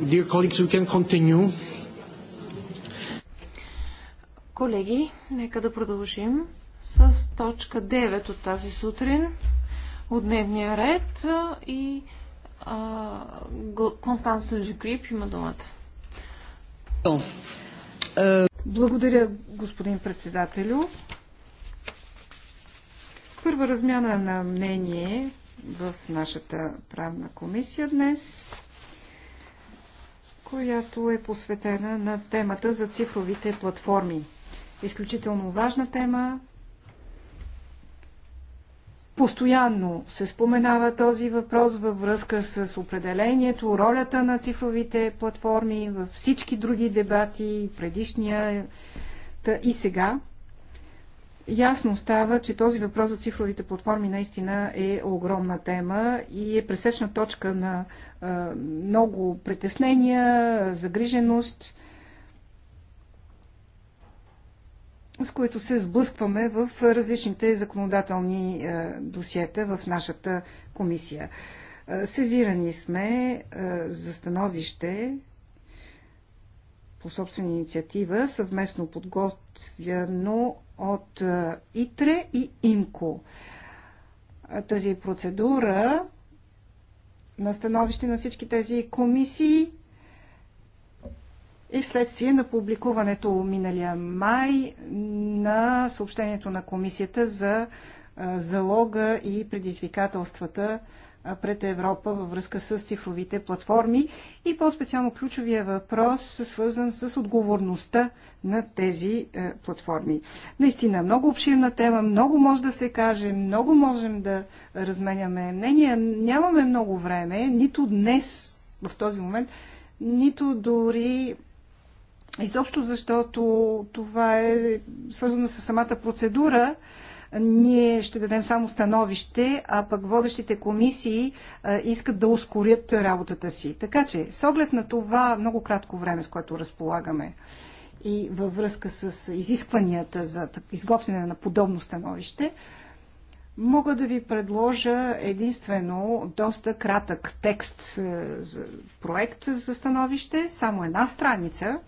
Dear colleagues, we can continue. Колеги, нека да продължим с точка 9 от тази сутрин от дневния ред и Констанс Лежикрип има думата. Благодаря, господин председателю. Първа размяна на мнение в нашата правна комисия днес – която е посветена на темата за цифровите платформи. Изключително важна тема. Постоянно се споменава този въпрос във връзка с определението, ролята на цифровите платформи във всички други дебати, предишния и сега ясно става, че този въпрос за цифровите платформи наистина е огромна тема и е пресечна точка на много притеснения, загриженост, с които се сблъскваме в различните законодателни досиета в нашата комисия. Сезирани сме за становище по собствена инициатива, съвместно подготвяно от ИТРЕ и ИМКО. Тази процедура на становище на всички тези комисии и е вследствие на публикуването миналия май на съобщението на комисията за залога и предизвикателствата пред Европа във връзка с цифровите платформи и по-специално ключовия въпрос свързан с отговорността на тези е, платформи. Наистина, много обширна тема, много може да се каже, много можем да разменяме мнения. Нямаме много време, нито днес, в този момент, нито дори изобщо защото това е свързано с самата процедура, ние ще дадем само становище, а пък водещите комисии искат да ускорят работата си. Така че, с оглед на това много кратко време, с което разполагаме и във връзка с изискванията за изготвяне на подобно становище, Мога да ви предложа единствено доста кратък текст е, за проект за становище, само една страница,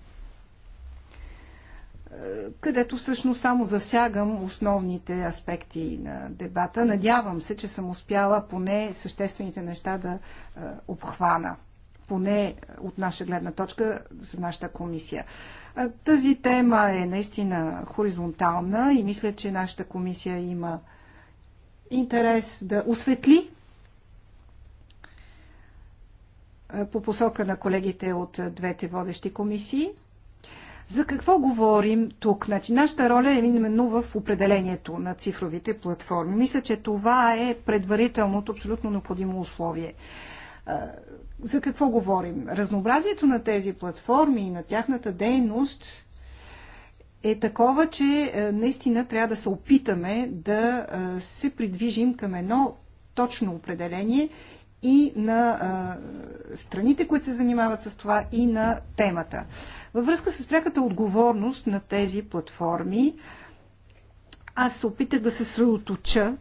където всъщност само засягам основните аспекти на дебата. Надявам се, че съм успяла поне съществените неща да обхвана, поне от наша гледна точка за нашата комисия. Тази тема е наистина хоризонтална и мисля, че нашата комисия има интерес да осветли по посока на колегите от двете водещи комисии – за какво говорим тук? Значи, нашата роля е именно в определението на цифровите платформи. Мисля, че това е предварителното абсолютно необходимо условие. За какво говорим? Разнообразието на тези платформи и на тяхната дейност е такова, че наистина трябва да се опитаме да се придвижим към едно точно определение и на а, страните, които се занимават с това и на темата. Във връзка с пряката отговорност на тези платформи, аз се опитах да се средоточа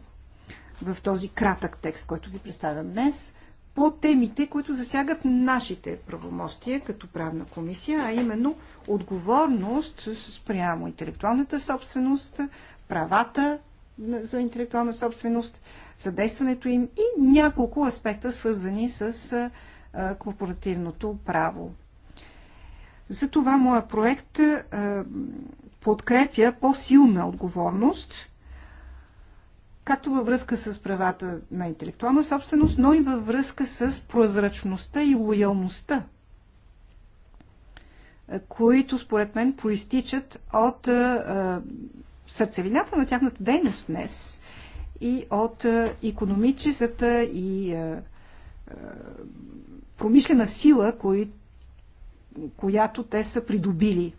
в този кратък текст, който ви представям днес, по темите, които засягат нашите правомостия като правна комисия, а именно отговорност спрямо интелектуалната собственост, правата за интелектуална собственост, задействането им и няколко аспекта, свързани с корпоративното право. Затова моя проект подкрепя по-силна отговорност, както във връзка с правата на интелектуална собственост, но и във връзка с прозрачността и лоялността, които според мен проистичат от сърцевината на тяхната дейност днес и от економическата и е, е, промишлена сила, която те са придобили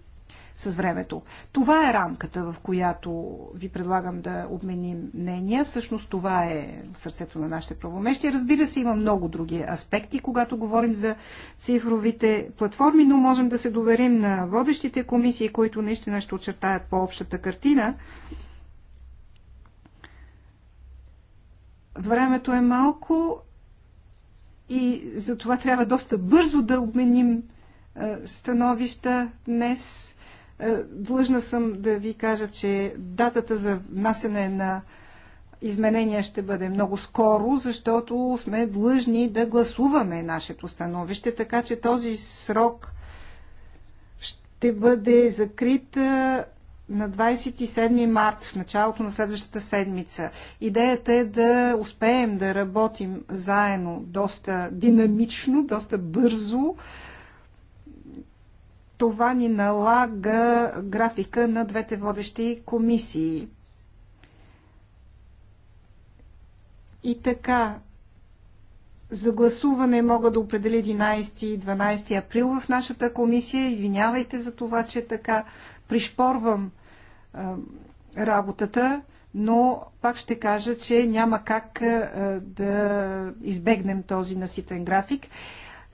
с времето. Това е рамката, в която ви предлагам да обменим мнения. Всъщност това е в сърцето на нашите правомещи. Разбира се, има много други аспекти, когато говорим за цифровите платформи, но можем да се доверим на водещите комисии, които наистина ще очертаят по-общата картина. Времето е малко и затова трябва доста бързо да обменим становища днес. Е, длъжна съм да ви кажа, че датата за внасяне на изменения ще бъде много скоро, защото сме длъжни да гласуваме нашето становище, така че този срок ще бъде закрит е, на 27 март, в началото на следващата седмица. Идеята е да успеем да работим заедно доста динамично, доста бързо, това ни налага графика на двете водещи комисии. И така, за гласуване мога да определя 11 и 12 април в нашата комисия. Извинявайте за това, че така пришпорвам а, работата, но пак ще кажа, че няма как а, да избегнем този наситен график.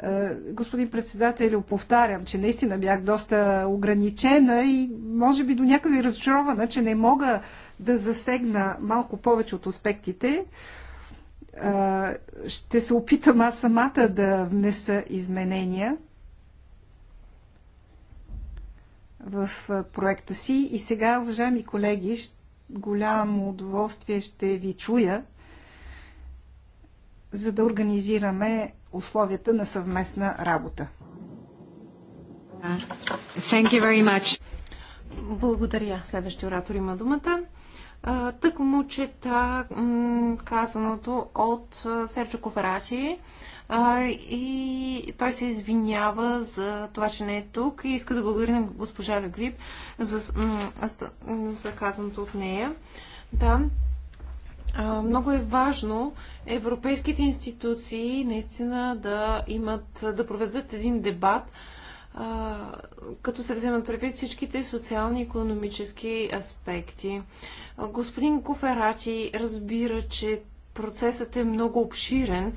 Е, господин председател, повтарям, че наистина бях доста ограничена и може би до някъде разочарована, че не мога да засегна малко повече от аспектите. Е, ще се опитам аз самата да внеса изменения в е, проекта си. И сега, уважаеми колеги, голямо удоволствие ще ви чуя, за да организираме условията на съвместна работа. Thank you very much. Благодаря. Следващия оратор има думата. Тък му чета казаното от Серджо Коварачи и той се извинява за това, че не е тук и иска да благодари на госпожа Легрип за, за казаното от нея. Да, много е важно европейските институции наистина да имат, да проведат един дебат, като се вземат предвид всичките социални и економически аспекти. Господин Куферачи разбира, че процесът е много обширен,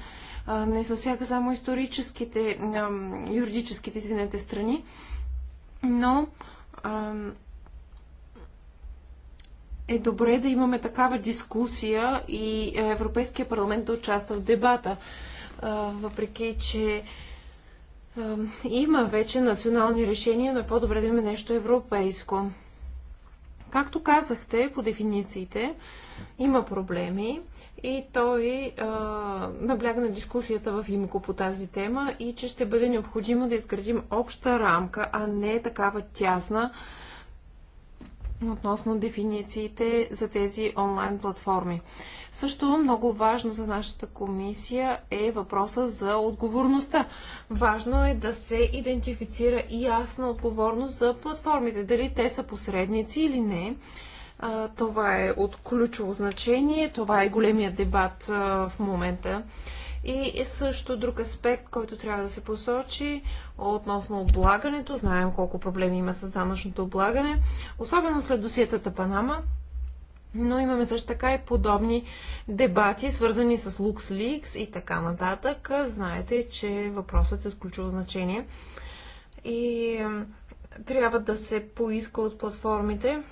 не засяга само историческите, юридическите, извинете, страни, но е добре да имаме такава дискусия и Европейския парламент да участва в дебата. Въпреки, че има вече национални решения, но е по-добре да имаме нещо европейско. Както казахте, по дефинициите има проблеми и той а, набляга на дискусията в Имко по тази тема и че ще бъде необходимо да изградим обща рамка, а не такава тясна, относно дефинициите за тези онлайн платформи. Също много важно за нашата комисия е въпроса за отговорността. Важно е да се идентифицира и ясна отговорност за платформите, дали те са посредници или не. Това е от ключово значение, това е големия дебат в момента. И е също друг аспект, който трябва да се посочи относно облагането. Знаем колко проблеми има с данъчното облагане, особено след досиетата Панама. Но имаме също така и подобни дебати, свързани с LuxLeaks и така нататък. Знаете, че въпросът е от ключово значение. И трябва да се поиска от платформите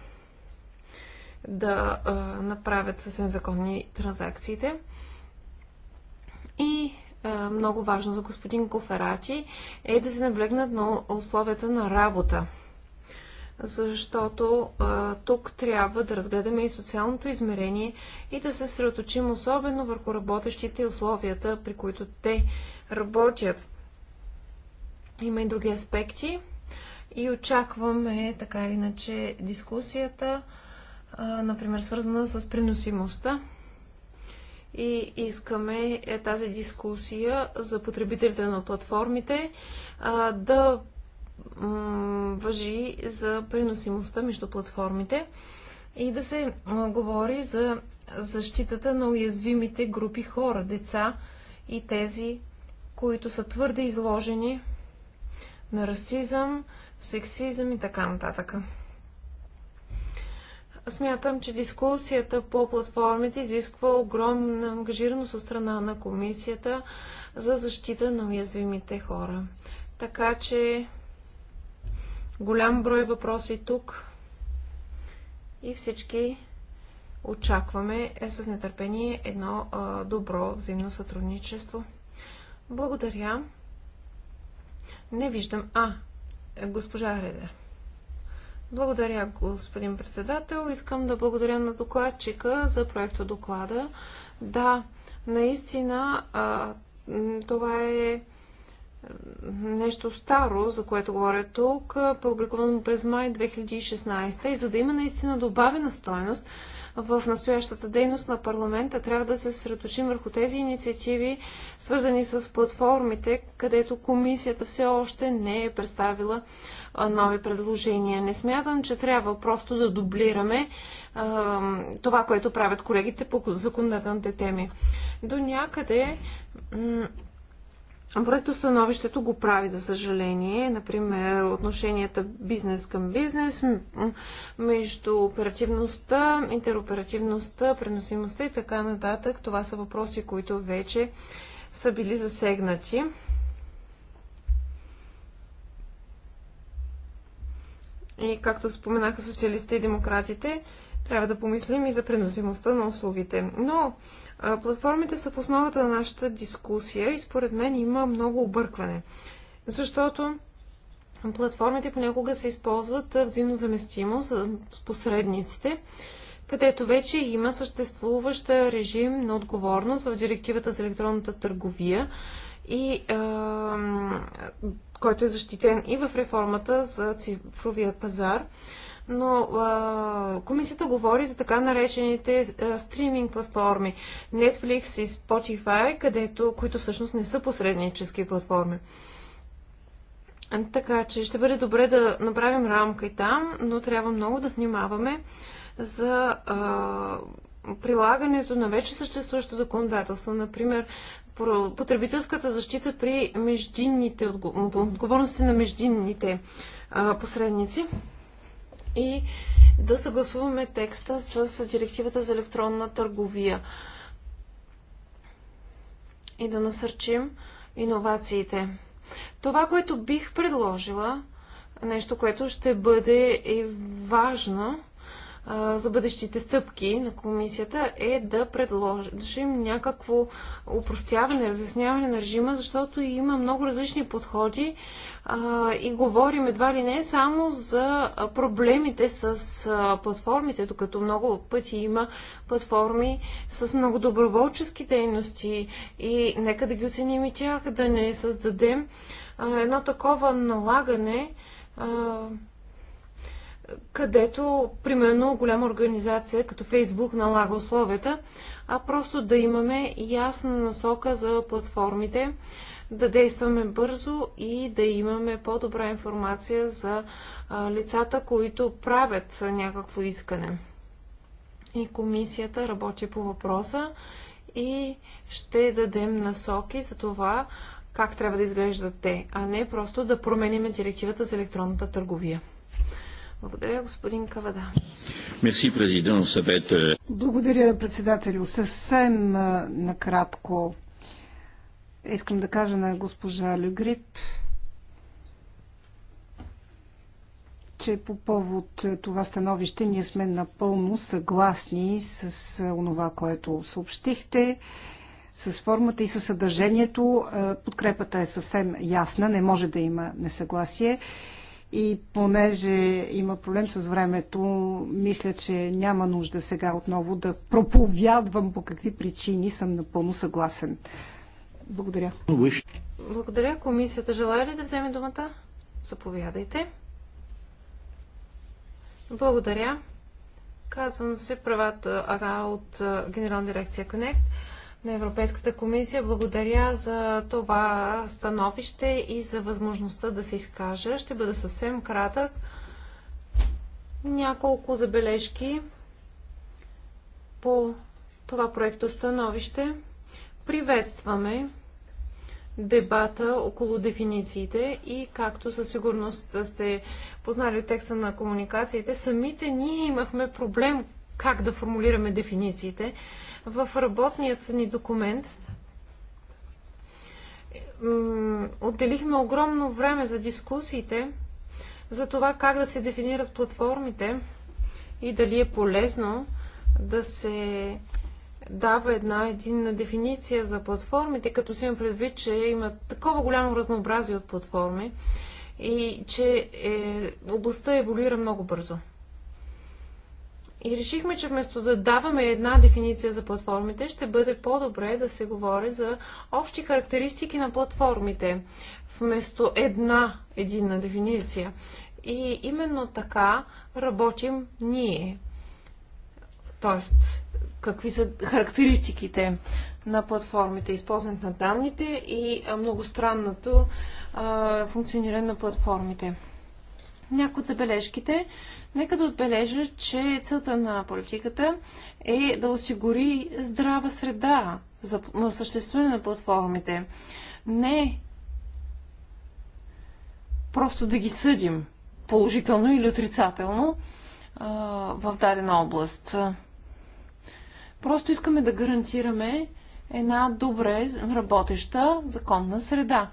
да а, е, направят съвсем законни транзакциите. И е, много важно за господин Коферачи е да се наблегнат на условията на работа. Защото а, е, тук трябва да разгледаме и социалното измерение и да се средоточим особено върху работещите условията, при които те работят. Има и други аспекти и очакваме така или иначе дискусията, е, например свързана с приносимостта и искаме е, тази дискусия за потребителите на платформите да въжи за преносимостта между платформите и да се говори за защитата на уязвимите групи хора, деца и тези, които са твърде изложени на расизъм, сексизъм и така нататък. Смятам, че дискусията по платформите изисква огромна ангажираност от страна на комисията за защита на уязвимите хора. Така че голям брой въпроси тук и всички очакваме е с нетърпение едно а, добро взаимно сътрудничество. Благодаря. Не виждам. А, госпожа Редер. Благодаря, господин председател. Искам да благодаря на докладчика за проекто доклада. Да, наистина това е нещо старо, за което говоря тук, публикувано през май 2016. И за да има наистина добавена стоеност в настоящата дейност на парламента трябва да се съсредоточим върху тези инициативи, свързани с платформите, където комисията все още не е представила нови предложения. Не смятам, че трябва просто да дублираме а, това, което правят колегите по законодателните теми. До някъде Проекто становището го прави, за съжаление. Например, отношенията бизнес към бизнес, между оперативността, интероперативността, преносимостта и така нататък. Това са въпроси, които вече са били засегнати. И както споменаха социалистите и демократите, трябва да помислим и за преносимостта на услугите. Но а, платформите са в основата на нашата дискусия и според мен има много объркване. Защото платформите понякога се използват взаимно заместимо с посредниците, където вече има съществуващ режим на отговорност в директивата за електронната търговия и а, който е защитен и в реформата за цифровия пазар но а, комисията говори за така наречените а, стриминг платформи Netflix и Spotify, където, които всъщност не са посреднически платформи. Така че ще бъде добре да направим рамка и там, но трябва много да внимаваме за а, прилагането на вече съществуващо законодателство. Например, потребителската защита при междинните отговорности на междинните а, посредници и да съгласуваме текста с директивата за електронна търговия и да насърчим иновациите. Това, което бих предложила, нещо, което ще бъде и важно, за бъдещите стъпки на комисията е да предложим някакво упростяване, разясняване на режима, защото има много различни подходи и говорим едва ли не само за проблемите с платформите, докато много пъти има платформи с много доброволчески дейности и нека да ги оценим и тях, да не създадем едно такова налагане където, примерно, голяма организация като Фейсбук налага условията, а просто да имаме ясна насока за платформите, да действаме бързо и да имаме по-добра информация за лицата, които правят някакво искане. И комисията работи по въпроса и ще дадем насоки за това как трябва да изглеждат те, а не просто да променим директивата за електронната търговия. Благодаря, господин Кавада. Мерси, президент Съвет. Е- Благодаря, председателю. Съвсем накратко искам да кажа на госпожа Люгрип, че по повод е, това становище ние сме напълно съгласни с е, онова, което съобщихте, с формата и със съдържанието. Подкрепата е съвсем ясна, не може да има несъгласие. И понеже има проблем с времето, мисля, че няма нужда сега отново да проповядвам по какви причини съм напълно съгласен. Благодаря. Благодаря. Комисията желая ли да вземе думата? Заповядайте. Благодаря. Казвам се правата ага от Генерална дирекция Connect на Европейската комисия. Благодаря за това становище и за възможността да се изкажа. Ще бъда съвсем кратък. Няколко забележки по това проекто становище. Приветстваме дебата около дефинициите и както със сигурност сте познали от текста на комуникациите, самите ние имахме проблем как да формулираме дефинициите в работният ни документ отделихме огромно време за дискусиите за това как да се дефинират платформите и дали е полезно да се дава една единна дефиниция за платформите, като си има предвид, че има такова голямо разнообразие от платформи и че е, областта еволюира много бързо. И решихме, че вместо да даваме една дефиниция за платформите, ще бъде по-добре да се говори за общи характеристики на платформите, вместо една единна дефиниция. И именно така работим ние. Тоест, какви са характеристиките на платформите, използването на данните и многостранното а, функциониране на платформите някои от забележките. Нека да отбележа, че целта на политиката е да осигури здрава среда за съществуване на платформите. Не просто да ги съдим положително или отрицателно в дадена област. Просто искаме да гарантираме една добре работеща законна среда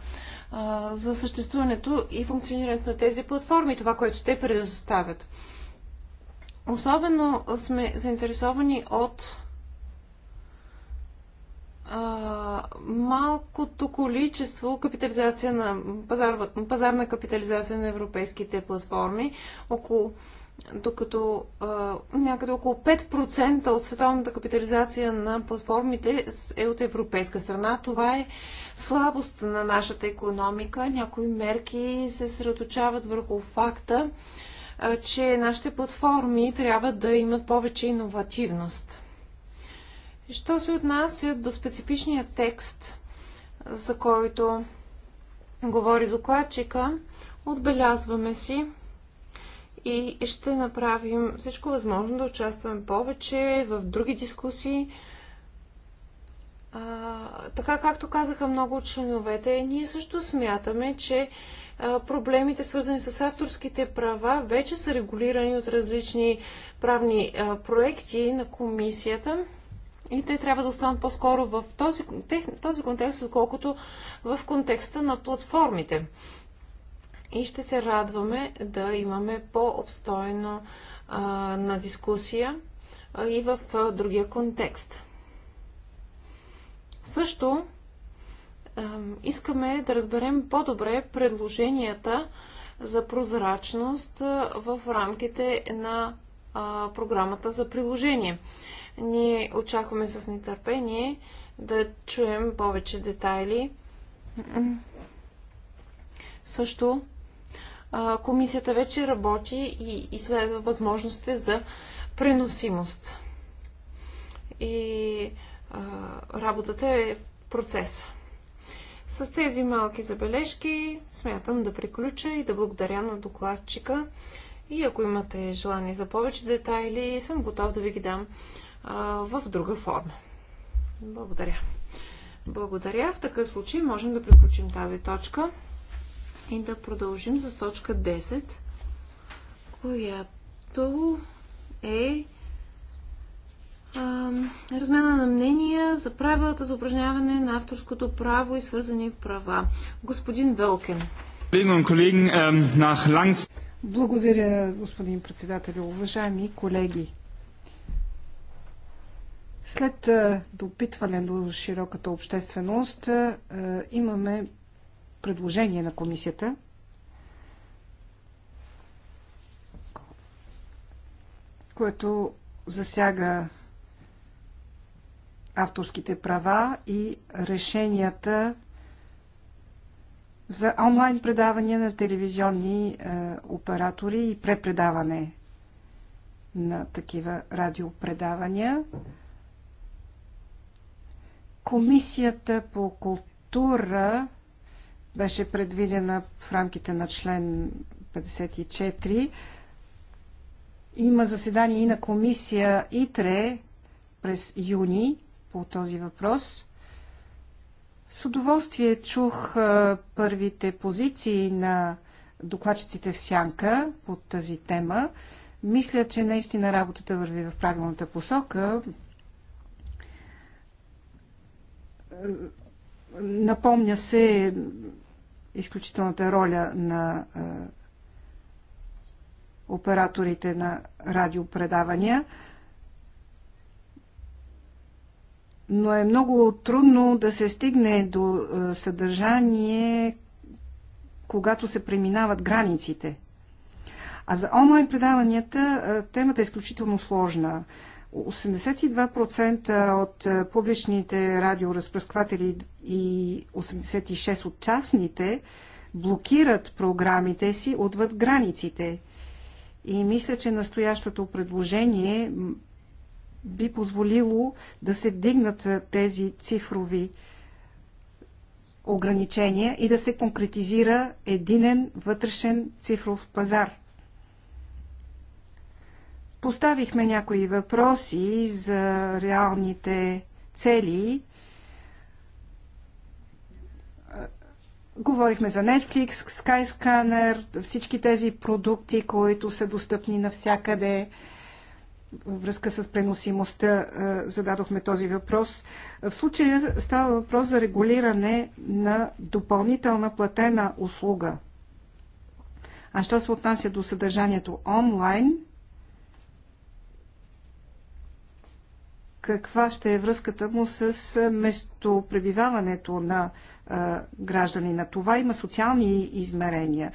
за съществуването и функционирането на тези платформи, това, което те предоставят. Особено сме заинтересовани от а, малкото количество капитализация на пазар, пазарна капитализация на европейските платформи. Около докато а, някъде около 5% от световната капитализация на платформите е от европейска страна. Това е слабост на нашата економика. Някои мерки се средочават върху факта, а, че нашите платформи трябва да имат повече иновативност. Що се отнася до специфичния текст, за който говори докладчика, отбелязваме си, и ще направим всичко възможно да участваме повече в други дискусии. А, така както казаха много от членовете, ние също смятаме, че а, проблемите свързани с авторските права вече са регулирани от различни правни а, проекти на комисията и те трябва да останат по-скоро в този, този контекст, отколкото в контекста на платформите и ще се радваме да имаме по-обстойно на дискусия и в другия контекст. Също искаме да разберем по-добре предложенията за прозрачност в рамките на програмата за приложение. Ние очакваме с нетърпение да чуем повече детайли. Също комисията вече работи и изследва възможностите за преносимост. И а, работата е в процеса. С тези малки забележки смятам да приключа и да благодаря на докладчика. И ако имате желание за повече детайли, съм готов да ви ги дам а, в друга форма. Благодаря. Благодаря. В такъв случай можем да приключим тази точка и да продължим с точка 10, която е размена на мнения за правилата за упражняване на авторското право и свързани права. Господин Велкен. Благодаря, господин председател. Уважаеми колеги, след допитване до широката общественост имаме предложение на комисията. което засяга авторските права и решенията за онлайн предавания на телевизионни е, оператори и препредаване на такива радиопредавания. Комисията по култура беше предвидена в рамките на член 54. Има заседание и на комисия ИТРЕ през юни по този въпрос. С удоволствие чух първите позиции на докладчиците в Сянка по тази тема. Мисля, че наистина работата върви в правилната посока. Напомня се изключителната роля на операторите на радиопредавания. Но е много трудно да се стигне до съдържание, когато се преминават границите. А за онлайн предаванията темата е изключително сложна. 82% от е, публичните радиоразпръскватели и 86% от частните блокират програмите си отвъд границите. И мисля, че настоящото предложение би позволило да се вдигнат е, тези цифрови ограничения и да се конкретизира единен вътрешен цифров пазар. Поставихме някои въпроси за реалните цели. Говорихме за Netflix, Skyscanner, всички тези продукти, които са достъпни навсякъде. Във връзка с преносимостта е, зададохме този въпрос. В случая става въпрос за регулиране на допълнителна платена услуга. А що се отнася до съдържанието онлайн, каква ще е връзката му с местопребиваването на гражданина. Това има социални измерения.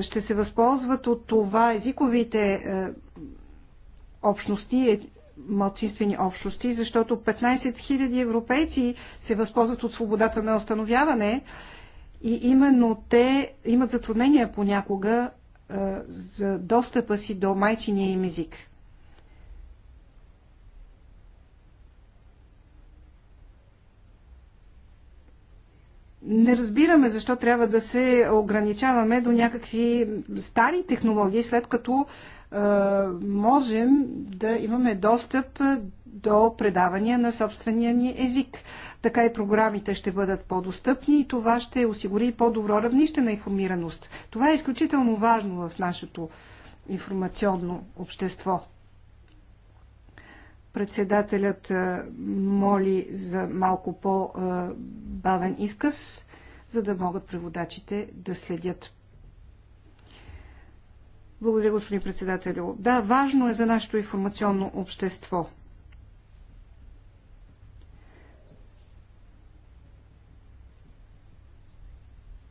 Ще се възползват от това езиковите общности, е, малцинствени общности, защото 15 000 европейци се възползват от свободата на установяване и именно те имат затруднения понякога за достъпа си до майчиния им език. не разбираме защо трябва да се ограничаваме до някакви стари технологии, след като е, можем да имаме достъп до предавания на собствения ни език. Така и програмите ще бъдат по-достъпни и това ще осигури по-добро равнище на информираност. Това е изключително важно в нашето информационно общество. Председателят моли за малко по-бавен изказ, за да могат преводачите да следят. Благодаря, господин председателю. Да, важно е за нашето информационно общество.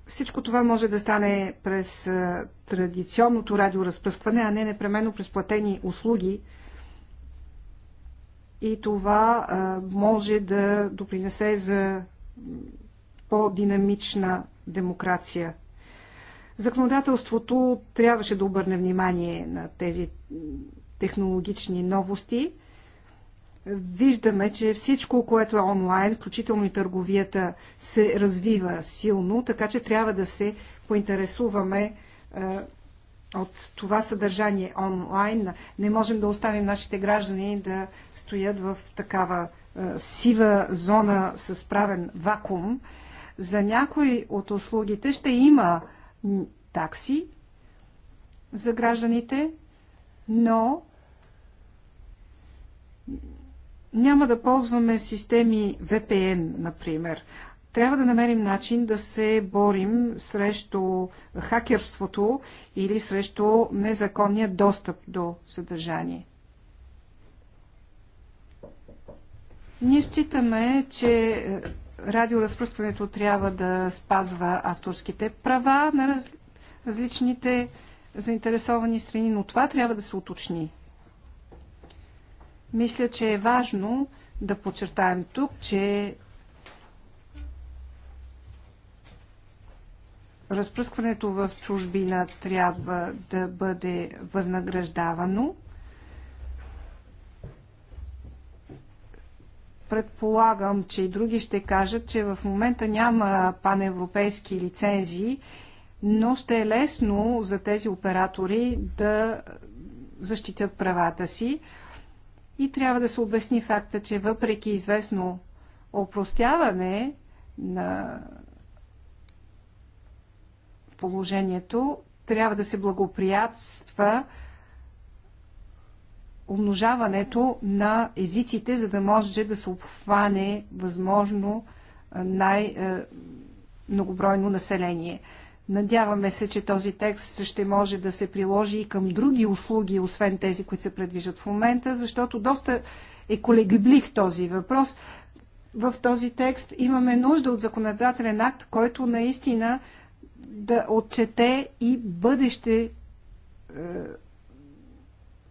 Всичко това може да стане през традиционното радиоразпръскване, а не непременно през платени услуги – и това може да допринесе за по-динамична демокрация. Законодателството трябваше да обърне внимание на тези технологични новости. Виждаме, че всичко, което е онлайн, включително и търговията, се развива силно, така че трябва да се поинтересуваме от това съдържание онлайн. Не можем да оставим нашите граждани да стоят в такава е, сива зона с правен вакуум. За някои от услугите ще има такси за гражданите, но няма да ползваме системи VPN, например. Трябва да намерим начин да се борим срещу хакерството или срещу незаконния достъп до съдържание. Ние считаме, че е, радиоразпръстването трябва да спазва авторските права на раз... различните заинтересовани страни, но това трябва да се уточни. Мисля, че е важно да подчертаем тук, че разпръскването в чужбина трябва да бъде възнаграждавано. Предполагам, че и други ще кажат, че в момента няма паневропейски лицензии, но ще е лесно за тези оператори да защитят правата си. И трябва да се обясни факта, че въпреки известно опростяване на положението, трябва да се благоприятства умножаването на езиците, за да може да се обхване възможно най-многобройно население. Надяваме се, че този текст ще може да се приложи и към други услуги, освен тези, които се предвижат в момента, защото доста е колегиблив този въпрос. В този текст имаме нужда от законодателен акт, който наистина да отчете и бъдеще е,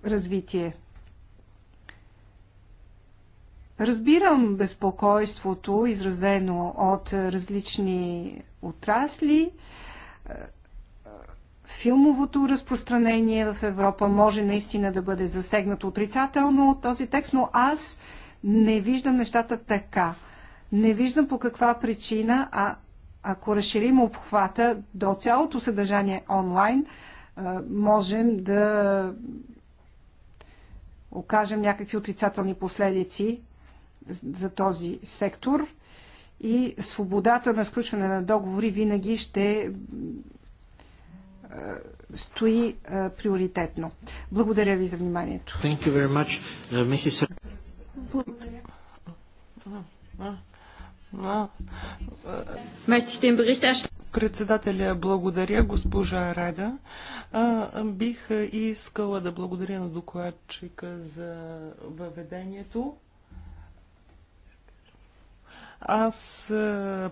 развитие. Разбирам безпокойството, изразено от различни отрасли. Е, филмовото разпространение в Европа може наистина да бъде засегнато отрицателно от този текст, но аз не виждам нещата така. Не виждам по каква причина, а ако разширим обхвата до цялото съдържание онлайн, можем да окажем някакви отрицателни последици за този сектор и свободата на сключване на договори винаги ще стои приоритетно. Благодаря ви за вниманието. Uh, Благодаря. Е, председателя благодаря, госпожа Рада. А, бих е, искала да благодаря на докладчика за въведението. Аз е,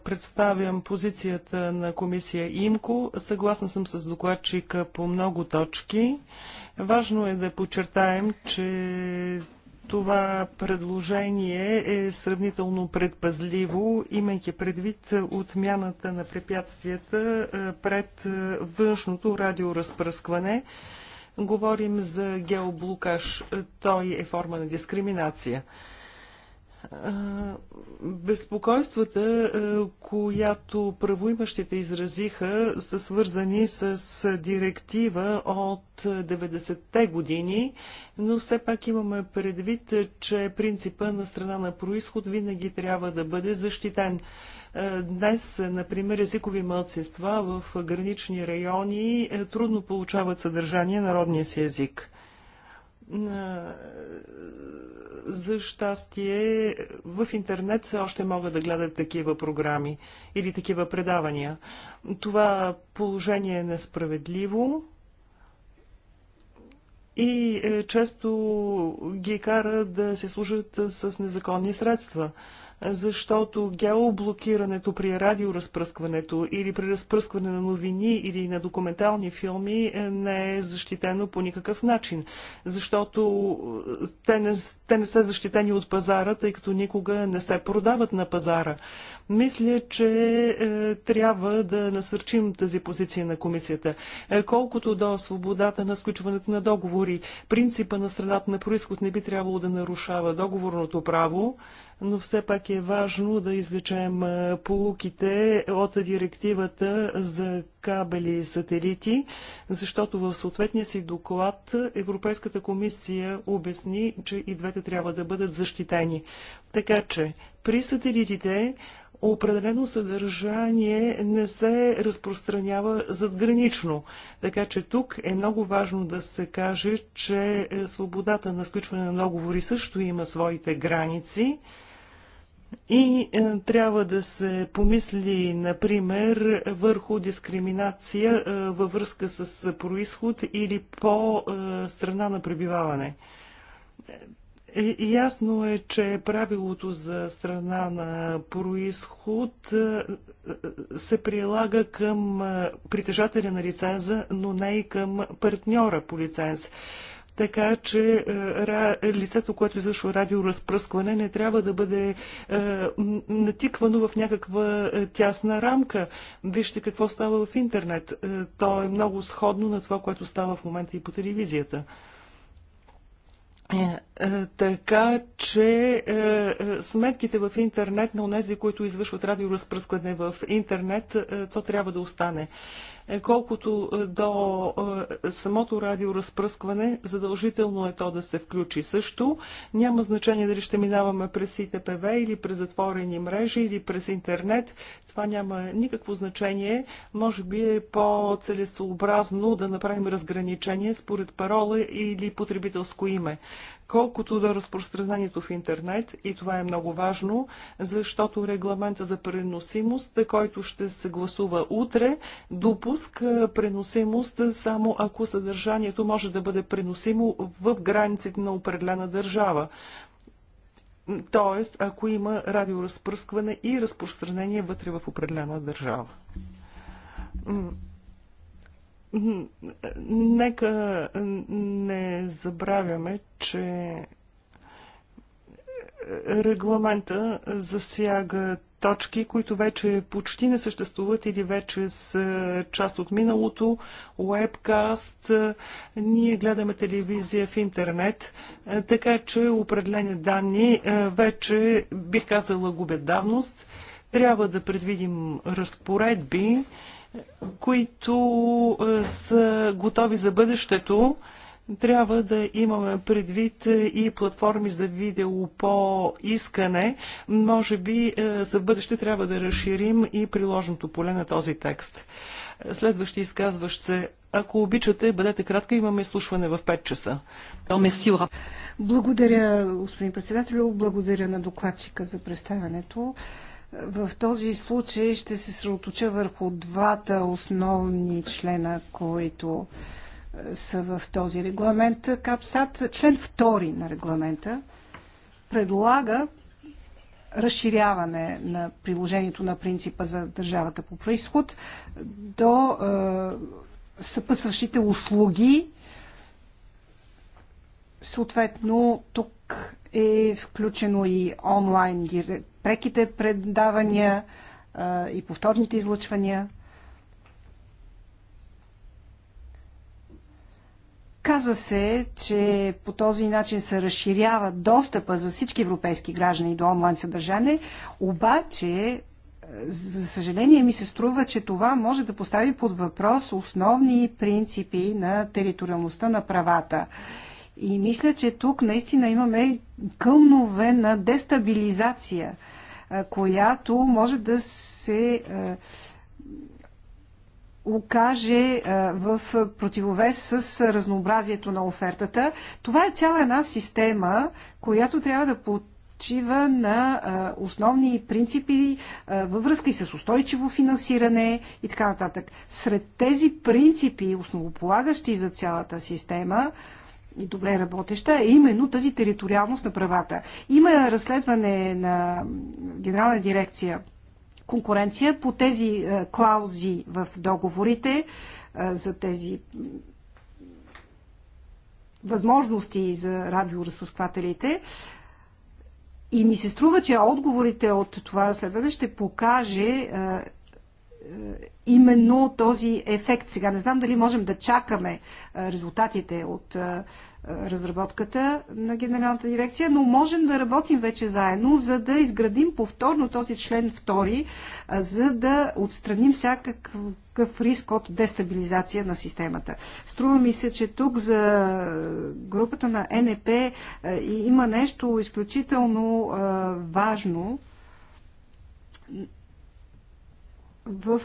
представям позицията на комисия ИМКО. Съгласна съм с докладчика по много точки. Важно е да подчертаем, че това предложение е сравнително предпазливо, имайки предвид отмяната на препятствията пред външното радиоразпръскване. Говорим за геоблокаж. Той е форма на дискриминация. Безпокойствата, която правоимащите изразиха, са свързани с директива от 90-те години, но все пак имаме предвид, че принципа на страна на происход винаги трябва да бъде защитен. Днес, например, езикови мълцинства в гранични райони е, трудно получават съдържание народния си език за щастие в интернет все още могат да гледат такива програми или такива предавания. Това положение е несправедливо и е, често ги кара да се служат с незаконни средства защото геоблокирането при радиоразпръскването или при разпръскване на новини или на документални филми е, не е защитено по никакъв начин, защото е, те не, те не са защитени от пазара, тъй като никога не се продават на пазара. Мисля, че е, трябва да насърчим тази позиция на комисията. Е, колкото до свободата на сключването на договори, принципа на страната на происход не би трябвало да нарушава договорното право, но все пак е важно да извлечем полуките от директивата за кабели и сателити, защото в съответния си доклад Европейската комисия обясни, че и двете трябва да бъдат защитени. Така че при сателитите определено съдържание не се разпространява задгранично. Така че тук е много важно да се каже, че е, свободата на сключване на договори също има своите граници. И е, трябва да се помисли, например, върху дискриминация е, във връзка с происход или по е, страна на пребиваване. Е, ясно е, че правилото за страна на происход е, се прилага към е, притежателя на лиценза, но не и към партньора по лиценз така че е, лицето, което е извършва радиоразпръскване, не трябва да бъде е, натиквано в някаква тясна рамка. Вижте какво става в интернет. То е много сходно на това, което става в момента и по телевизията. Така че сметките в интернет на онези, които извършват радиоразпръскване в интернет, то трябва да остане. Е колкото е, до е, самото радиоразпръскване, задължително е то да се включи също. Няма значение дали ще минаваме през ИТПВ или през затворени мрежи или през интернет. Това няма никакво значение. Може би е по-целесообразно да направим разграничение според парола или потребителско име. Колкото до разпространението в интернет, и това е много важно, защото регламента за преносимост, който ще се гласува утре, допуска преносимост само ако съдържанието може да бъде преносимо в границите на определена държава. Тоест, ако има радиоразпръскване и разпространение вътре в определена държава. Нека не забравяме, че регламента засяга точки, които вече почти не съществуват или вече са част от миналото, уебкаст, ние гледаме телевизия в интернет, така че определени данни е, вече, бих казала, губят давност. Трябва да предвидим разпоредби, които е, са готови за бъдещето, трябва да имаме предвид е, и платформи за видео по искане. Може би е, за бъдеще трябва да разширим и приложното поле на този текст. Следващи изказващ се. Ако обичате, бъдете кратка, имаме изслушване в 5 часа. Благодаря, господин председател, Благодаря на докладчика за представянето. В този случай ще се сръоточа върху двата основни члена, които е, са в този регламент. КАПСАТ, член 2 на регламента, предлага разширяване на приложението на принципа за държавата по происход до е, съпъсващите услуги. Съответно, тук е включено и онлайн преките предавания и повторните излъчвания. Каза се, че по този начин се разширява достъпа за всички европейски граждани до онлайн съдържание, обаче, за съжаление ми се струва, че това може да постави под въпрос основни принципи на териториалността на правата. И мисля, че тук наистина имаме кълнове на дестабилизация – която може да се окаже в противовес с разнообразието на офертата. Това е цяла една система, която трябва да почива на основни принципи във връзка и с устойчиво финансиране и така нататък. Сред тези принципи, основополагащи за цялата система, и добре работеща, е именно тази териториалност на правата. Има разследване на Генерална дирекция конкуренция по тези е, клаузи в договорите е, за тези възможности за радиоразпъсквателите. И ми се струва, че отговорите от това разследване ще покаже е, именно този ефект. Сега не знам дали можем да чакаме резултатите от разработката на Генералната дирекция, но можем да работим вече заедно, за да изградим повторно този член втори, за да отстраним всякакъв риск от дестабилизация на системата. Струва ми се, че тук за групата на НП има нещо изключително важно, в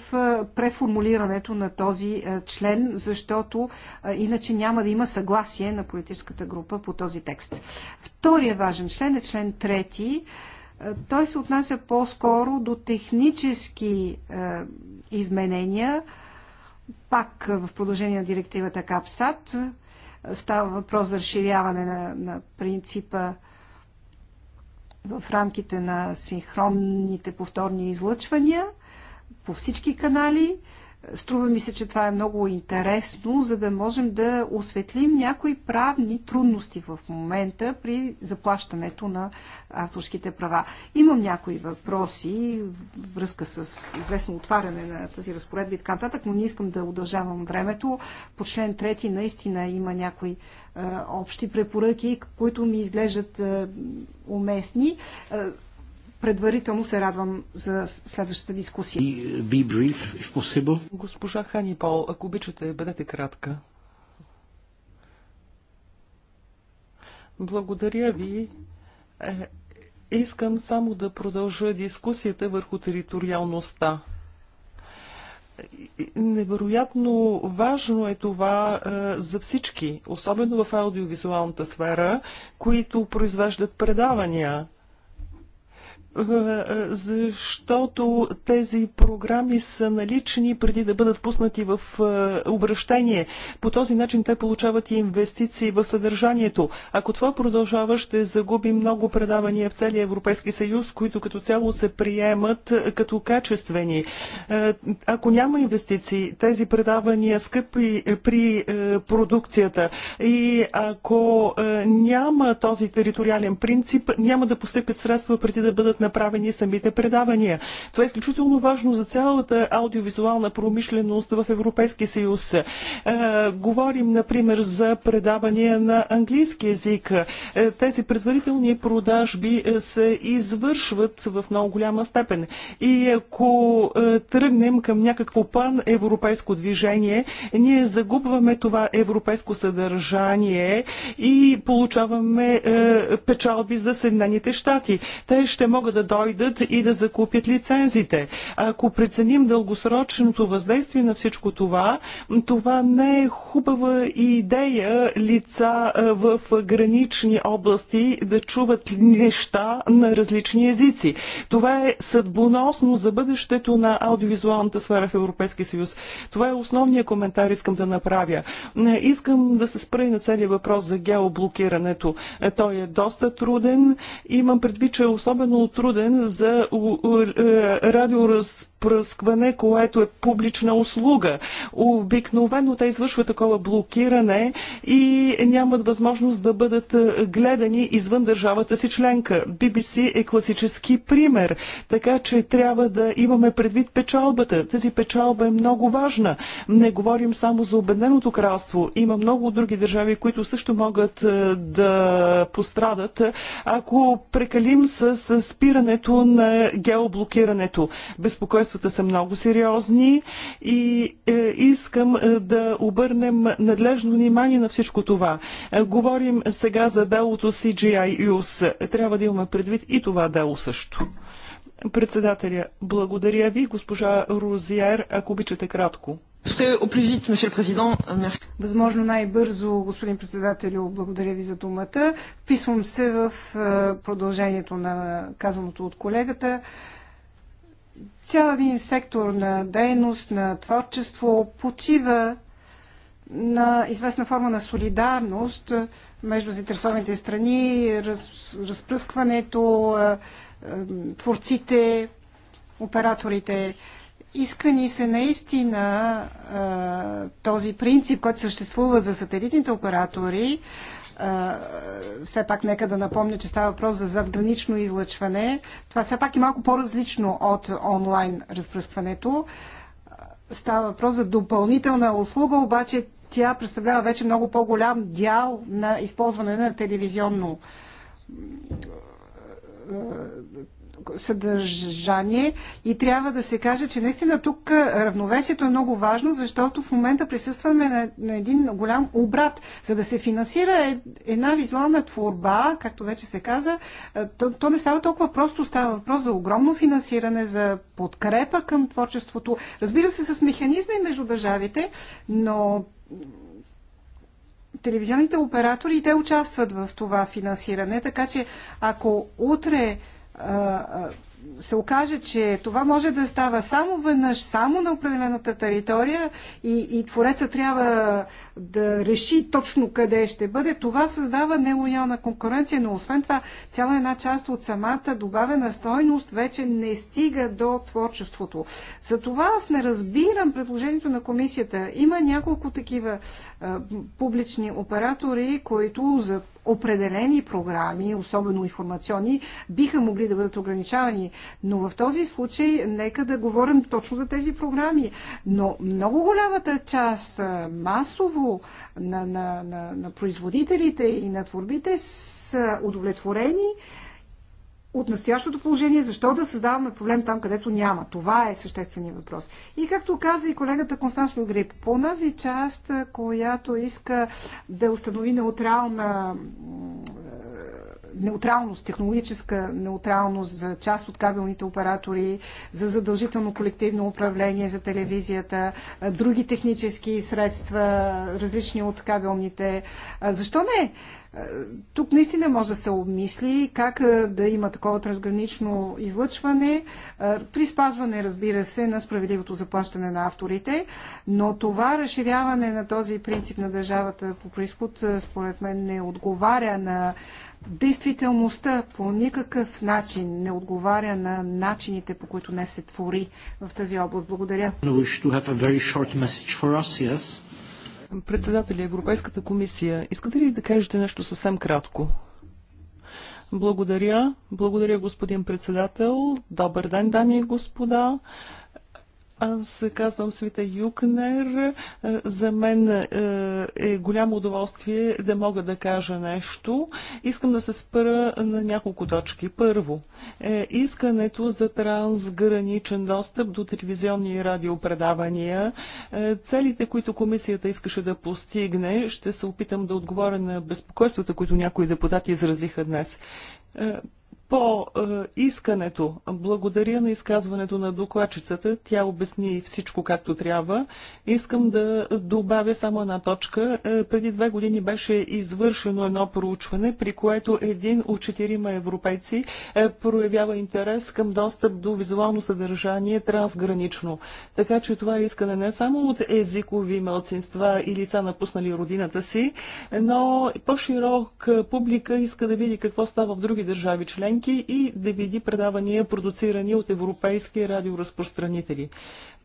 преформулирането на този член, защото иначе няма да има съгласие на политическата група по този текст. Втория важен член е член трети. Той се отнася по-скоро до технически изменения, пак в продължение на директивата КАПСАТ. Става въпрос за разширяване на, на принципа в рамките на синхронните повторни излъчвания – по всички канали. Струва ми се, че това е много интересно, за да можем да осветлим някои правни трудности в момента при заплащането на авторските права. Имам някои въпроси, връзка с известно отваряне на тази разпоредба и така нататък, но не искам да удължавам времето. По член 3 наистина има някои общи препоръки, които ми изглеждат уместни предварително се радвам за следващата дискусия. Е, be brief, if possible. Госпожа Ханипол, ако обичате, бъдете кратка. Благодаря ви. Е, искам само да продължа дискусията върху териториалността. Невероятно важно е това е, за всички, особено в аудиовизуалната сфера, които произвеждат предавания – защото тези програми са налични преди да бъдат пуснати в обращение. По този начин те получават и инвестиции в съдържанието. Ако това продължава, ще загуби много предавания в целия Европейски съюз, които като цяло се приемат като качествени. Ако няма инвестиции, тези предавания скъпи при продукцията и ако няма този териториален принцип, няма да постъпят средства преди да бъдат направени самите предавания. Това е изключително важно за цялата аудиовизуална промишленост в Европейския съюз. Е, говорим, например, за предавания на английски язик. Е, тези предварителни продажби е, се извършват в много голяма степен. И ако е, тръгнем към някакво пан-европейско движение, ние загубваме това европейско съдържание и получаваме е, печалби за Съединените щати. Те ще могат трябва да дойдат и да закупят лицензите. Ако преценим дългосрочното въздействие на всичко това, това не е хубава идея лица в гранични области да чуват неща на различни езици. Това е съдбоносно за бъдещето на аудиовизуалната сфера в Европейския съюз. Това е основният коментар, искам да направя. Искам да се спра и на целият въпрос за геоблокирането. Той е доста труден. Имам предвид, че е особено труден за е, радиоразпределение пръскване, което е публична услуга. Обикновено те извършват такова блокиране и нямат възможност да бъдат е, гледани извън държавата си членка. BBC е класически пример, така че трябва да имаме предвид печалбата. Тази печалба е много важна. Не говорим само за обедненото кралство. Има много други държави, които също могат е, да пострадат, ако прекалим с спирането на геоблокирането. Безпокойство обстоятелствата са много сериозни и е, искам е, да обърнем надлежно внимание на всичко това. Е, говорим сега за делото CGI US. Трябва да имаме предвид и това дело също. Председателя, благодаря ви, госпожа Розиер, ако обичате кратко. Е Възможно най-бързо, господин председател, благодаря ви за думата. Вписвам се в продължението на казаното от колегата цял един сектор на дейност, на творчество почива на известна форма на солидарност между заинтересованите страни, раз, разпръскването, творците, операторите. Иска ни се наистина този принцип, който съществува за сателитните оператори, все пак нека да напомня, че става въпрос за задгранично излъчване. Това все пак е малко по-различно от онлайн разпръскването. Става въпрос за допълнителна услуга, обаче тя представлява вече много по-голям дял на използване на телевизионно съдържание и трябва да се каже, че наистина тук равновесието е много важно, защото в момента присъстваме на, на един голям обрат. За да се финансира е, една визуална творба, както вече се каза, то, то не става толкова просто, става въпрос за огромно финансиране, за подкрепа към творчеството. Разбира се, с механизми между държавите, но телевизионните оператори, те участват в това финансиране, така че ако утре се окаже, че това може да става само веднъж, само на определената територия и, и твореца трябва да реши точно къде ще бъде, това създава нелоялна конкуренция, но освен това цяла една част от самата добавена стойност вече не стига до творчеството. За това аз не разбирам предложението на комисията. Има няколко такива а, публични оператори, които за определени програми, особено информационни, биха могли да бъдат ограничавани. Но в този случай нека да говорим точно за тези програми. Но много голямата част масово на, на, на, на производителите и на творбите са удовлетворени от настоящото положение, защо да създаваме проблем там, където няма. Това е същественият въпрос. И както каза и колегата Констанс Вилгрип, по тази част, която иска да установи неутрална неутралност, технологическа неутралност за част от кабелните оператори, за задължително колективно управление за телевизията, други технически средства, различни от кабелните. Защо не? Тук наистина може да се обмисли как да има такова трансгранично излъчване, при спазване, разбира се, на справедливото заплащане на авторите, но това разширяване на този принцип на държавата по происход, според мен, не отговаря на Действителността по никакъв начин не отговаря на начините, по които не се твори в тази област. Благодаря. Председателя Европейската комисия, искате ли да кажете нещо съвсем кратко? Благодаря. Благодаря, господин председател. Добър ден, дами и господа. Аз казвам Света Юкнер. За мен е, е голямо удоволствие да мога да кажа нещо. Искам да се спра на няколко точки. Първо, е искането за трансграничен достъп до телевизионни и радиопредавания. Е, целите, които комисията искаше да постигне, ще се опитам да отговоря на безпокойствата, които някои депутати изразиха днес. Е, по е, искането, благодаря на изказването на докладчицата, тя обясни всичко както трябва. Искам да добавя само една точка. Е, преди две години беше извършено едно проучване, при което един от четирима европейци е, проявява интерес към достъп до визуално съдържание трансгранично. Така че това е искане не само от езикови мълцинства и лица напуснали родината си, но по-широк е, публика иска да види какво става в други държави членки снимки и да види предавания, продуцирани от европейски радиоразпространители.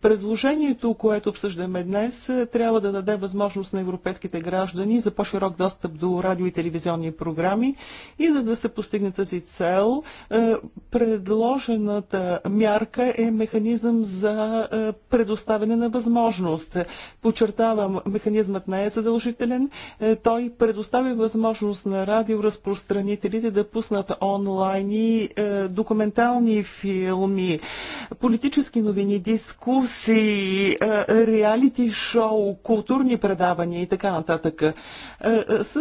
Предложението, което обсъждаме днес, е, трябва да даде възможност на европейските граждани за по-широк достъп до радио и телевизионни програми и за да се постигне тази цел, е, предложената мярка е механизъм за е, предоставяне на възможност. Подчертавам, механизмът не е задължителен. Той предоставя възможност на радиоразпространителите да пуснат онлайн новини, е, документални филми, политически новини, дискусии, е, реалити шоу, културни предавания и така нататък. Е, с,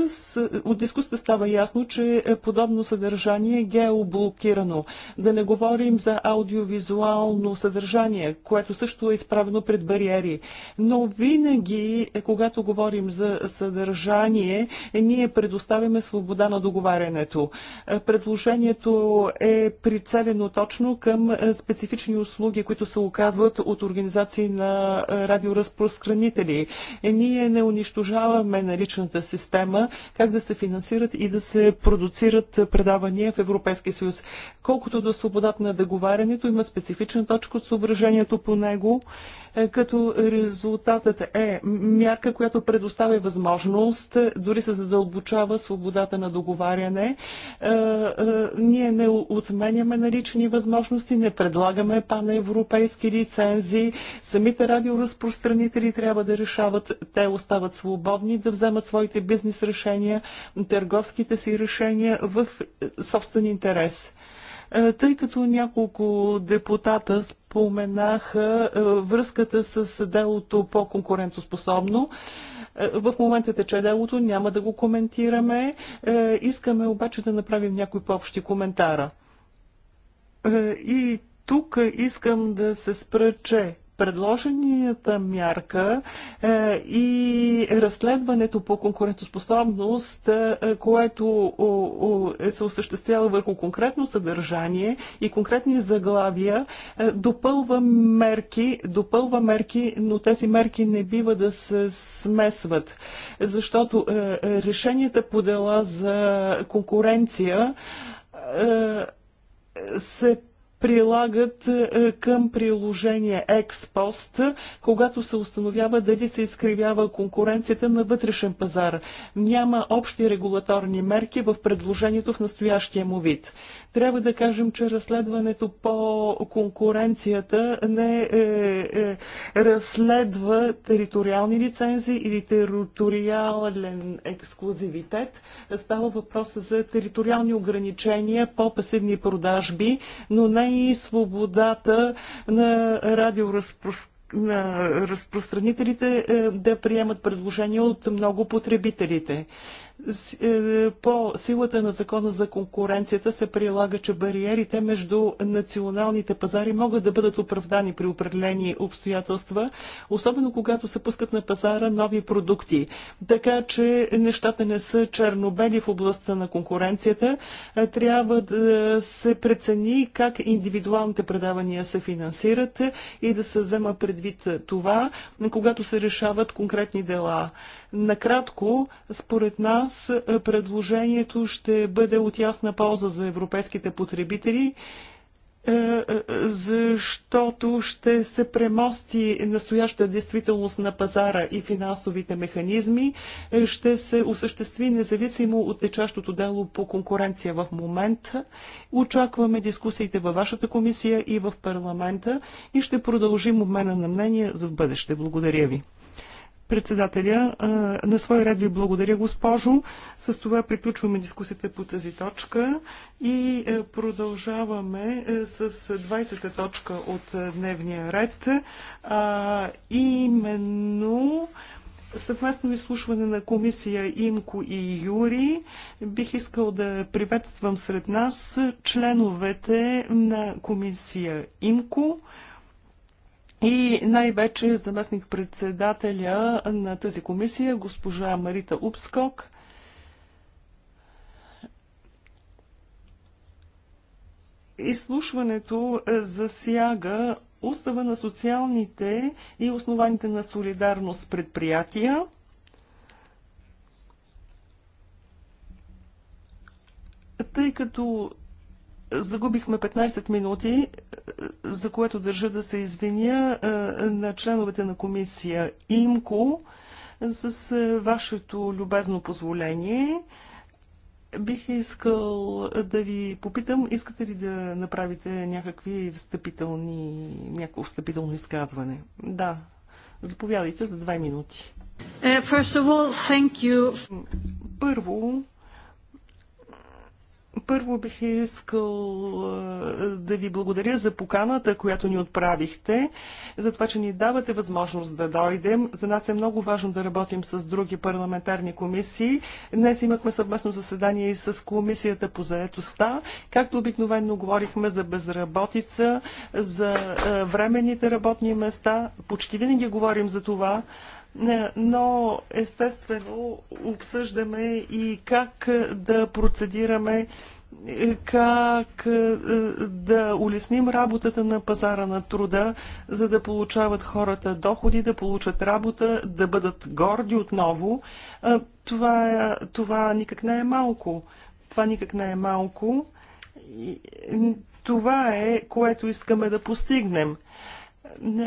от дискусията става ясно, че подобно съдържание е геоблокирано. Да не говорим за аудиовизуално съдържание, което също е изправено пред бариери. Но винаги, когато говорим за съдържание, ние предоставяме свобода на договарянето. Предложението е прицелено точно към е, специфични услуги, които се оказват от организации на е, радиоразпространители. Е, ние не унищожаваме наличната система, как да се финансират и да се продуцират предавания в Европейския съюз. Колкото до свободата на договарянето, има специфична точка от съображението по него. Е, като резултатът е мярка, която предоставя възможност, дори се задълбочава свободата на договаряне. Е, е, ние не отменяме налични възможности, не предлагаме панеевропейски лицензии. Самите радиоразпространители трябва да решават, те остават свободни да вземат своите бизнес решения, търговските си решения в собствен интерес. Е, тъй като няколко депутата споменаха е, връзката с делото по конкурентоспособно, е, в момента тече делото, няма да го коментираме. Искаме обаче да направим някои по-общи коментара. И тук искам да се спра, че предложенията мярка е, и разследването по конкурентоспособност, е, което е, се осъществява върху конкретно съдържание и конкретни заглавия, е, допълва мерки, допълва мерки, но тези мерки не бива да се смесват, защото е, решенията по дела за конкуренция е, се прилагат е, към приложение експост, когато се установява дали се изкривява конкуренцията на вътрешен пазар. Няма общи регулаторни мерки в предложението в настоящия му вид. Трябва да кажем, че разследването по конкуренцията не е, е, разследва териториални лицензии или териториален ексклюзивитет. Става въпрос за териториални ограничения по пасивни продажби, но не и свободата на радиоразпространението на разпространителите е, да приемат предложения от много потребителите. Е, по силата на закона за конкуренцията се прилага, че бариерите между националните пазари могат да бъдат оправдани при определени обстоятелства, особено когато се пускат на пазара нови продукти. Така че нещата не са чернобели в областта на конкуренцията. Е, трябва да се прецени как индивидуалните предавания се финансират и да се взема предвид това, когато се решават конкретни дела. Накратко, според нас е, предложението ще бъде от ясна полза за европейските потребители, е, е, защото ще се премости настояща действителност на пазара и финансовите механизми, ще се осъществи независимо от течащото дело по конкуренция в момента. Очакваме дискусиите във вашата комисия и в парламента и ще продължим обмена на мнения за в бъдеще. Благодаря ви. Председателя, на свой ред ви благодаря, госпожо. С това приключваме дискусията по тази точка и продължаваме с 20-та точка от дневния ред, именно съвместно изслушване на комисия Имко и Юри. Бих искал да приветствам сред нас членовете на комисия Имко и най-вече заместник-председателя на тази комисия, госпожа Марита Упскок. Изслушването е, засяга устава на социалните и основаните на солидарност предприятия. Тъй като Загубихме 15 минути, е, за което държа да се извиня е, на членовете на комисия ИМКО с е, вашето любезно позволение. Бих искал да ви попитам, искате ли да направите някакви встъпителни, някакво встъпително изказване? Да. Заповядайте за 2 минути. All, Първо, първо бих искал да ви благодаря за поканата, която ни отправихте, за това, че ни давате възможност да дойдем. За нас е много важно да работим с други парламентарни комисии. Днес имахме съвместно заседание и с Комисията по заетостта. Както обикновено говорихме за безработица, за временните работни места. Почти винаги говорим за това но естествено обсъждаме и как е, да процедираме е, как е, да улесним работата на пазара на труда, за да получават хората доходи, да получат работа, да бъдат горди отново. Това, това никак не е малко. Това никак не е малко. Това е, което искаме да постигнем.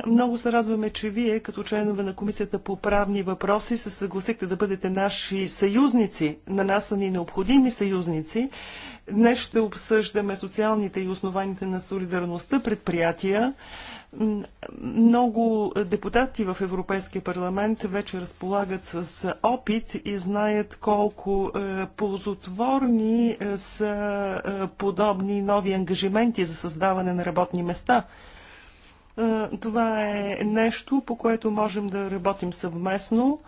Много се радваме, че вие, като членове на Комисията по правни въпроси, се съгласихте да бъдете наши съюзници. На нас са ни необходими съюзници. Днес ще обсъждаме социалните и основаните на солидарността предприятия. Много депутати в Европейския парламент вече разполагат с опит и знаят колко е, ползотворни е, са е, подобни нови ангажименти за създаване на работни места – е, това е нещо, по което можем да работим съвместно.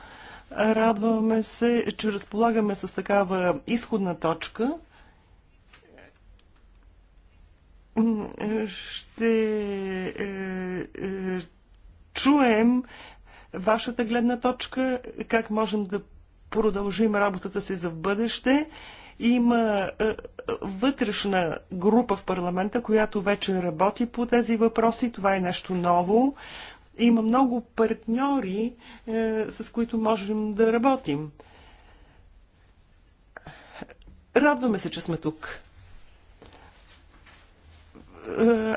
Радваме се, че разполагаме с такава изходна точка. Ще е, е, чуем вашата гледна точка, как можем да продължим работата си за в бъдеще. Има е, вътрешна група в парламента, която вече работи по тези въпроси. Това е нещо ново. Има много партньори, е, с които можем да работим. Радваме се, че сме тук. Е,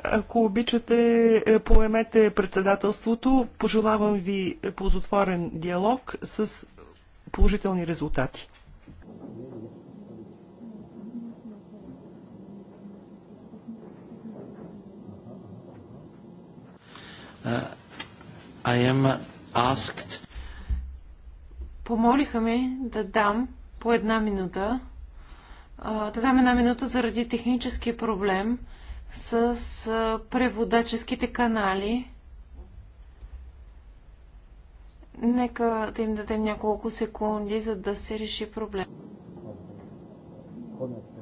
ако обичате, поемете председателството. Пожелавам ви ползотворен диалог с положителни резултати. Uh, I am asked... Помолиха ме да дам по една минута, да дам една минута заради технически проблем с преводаческите канали. Нека да им дадем няколко секунди, за да се реши проблем. Конец.